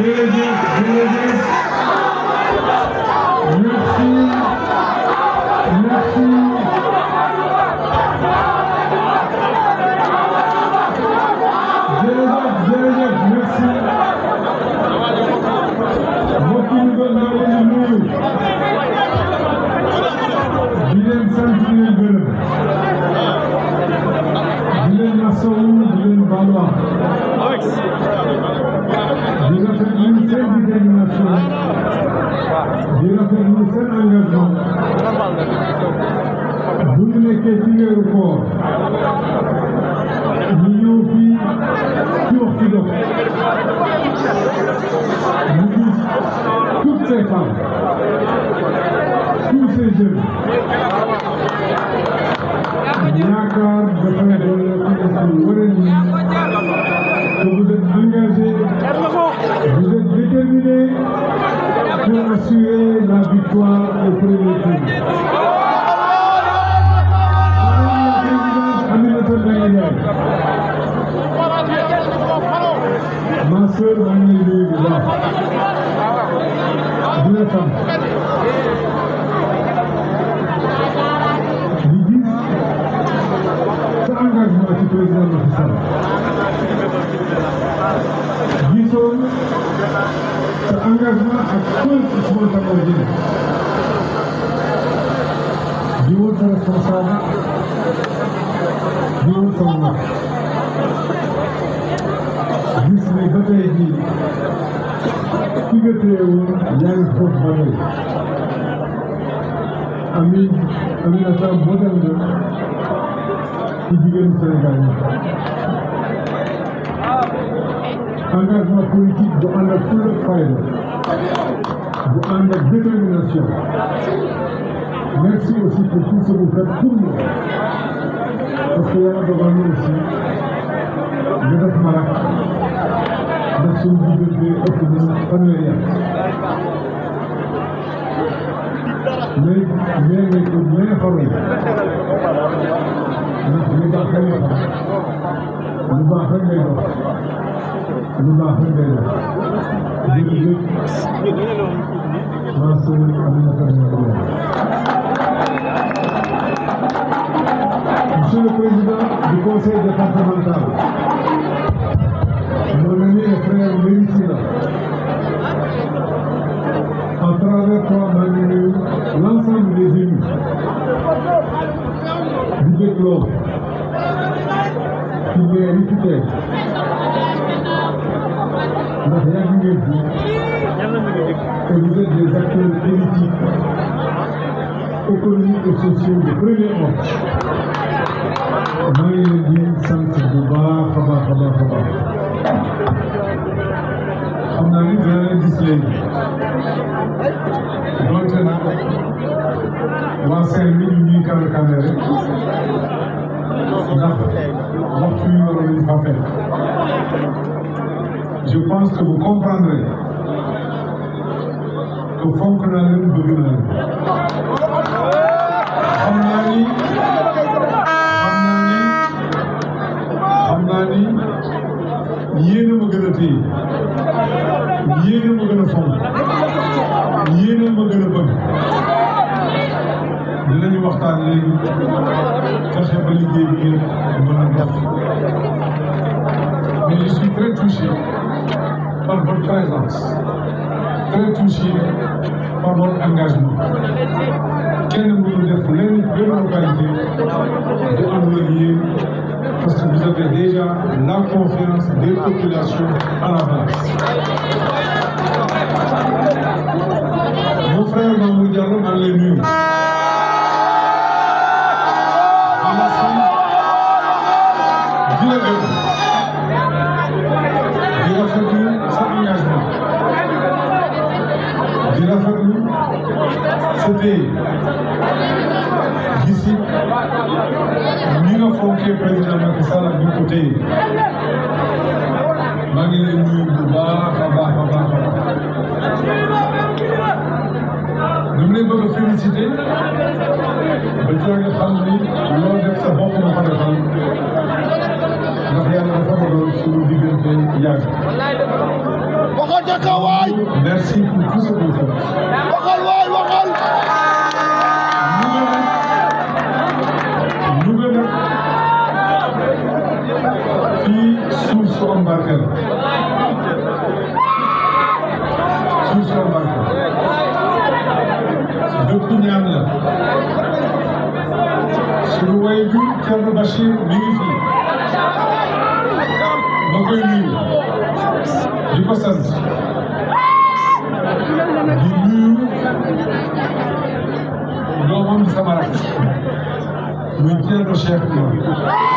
jërëjëf jërëjëf di rafetlu seen engagement bu ñu nekkee ci weeru koor ñu ñëw fii ci wax ci dox ñu gis toutes ces femmes tous ces jeunes yaakaar dafay doon la ñu waral que vous êtes engagés vous êtes déterminés pour assurer victoire au premier tour. Madame la présidente Aminata Mbengue ma soeur maa ngi lay nuyu bu baax di la xam di gis sa engagement ci président Macky Sall ak képp ku ma tàggatoo jëlee di wut sa responsable di wut gis ne ba tey jii ki nga teewoon yaa ngi foofu amin Aminata modèle la ci jigéenu Sénégal yi engagement politique bu ànd ak fulla fayda bu ànd ak détermination merci aussi pour tout ce que vous faites pour nous parce que yàlla dogal na aussi ñu def marak ndax suñu diggante ëpp na fanweeri at mais mais mais ko mais xaroy ndax lu baax rek ngay xam lu baax rek ngay dox lu baax rek ngay def jërëjëf maa sëriñ Aminata Monsieur le président du conseil départemental mon ami et frère Mery Sylla à travers toi maa ngi nuyu l'ensemble des élus du Dëkk Lor ci mairie économiques et sociaux de premier ordre maa ngi di sant bu baax a baax a baax a baax xam naa ni dina na waa seen mi ñu ñuy kàllkàlle rek ndax waxtu yu waroon ñu je pense que vous comprendrez te fonk naa leen bëgg naa leen xam naa ni xam naa ni xam naa ni yéen a ma gën a téye yéen a ma gën a fonk yéen a ma gën a bëgg dinañu waxtaan léegi fexe ba liggéey bi ngeen mën a def mais je suis très touché par votre présence. très touché par votre engagement kenn mënu def lenn benn localité bu àndul ak yéen parce que vous avez déjà la confiance ñi nga fonkee président Macky Sall ak ñu ko téye maa ngi lay nuyu bu baax a baax a baax dama leen bëgg a félicité ba ci nga xam ni loo def sa bopp nga ko defal ndax yàlla dafa doon suñu diggante yàgg. waxal ca kaw waay. merci pour tout ce que vous faites. waxal waay waxal. suñu barkeel suñu suñu barkeel bépp ñaan la suñu way ju Thierno Bachir mi ngi fi ma koy nuyu di ko sant di nuyu doomam sama rakk muy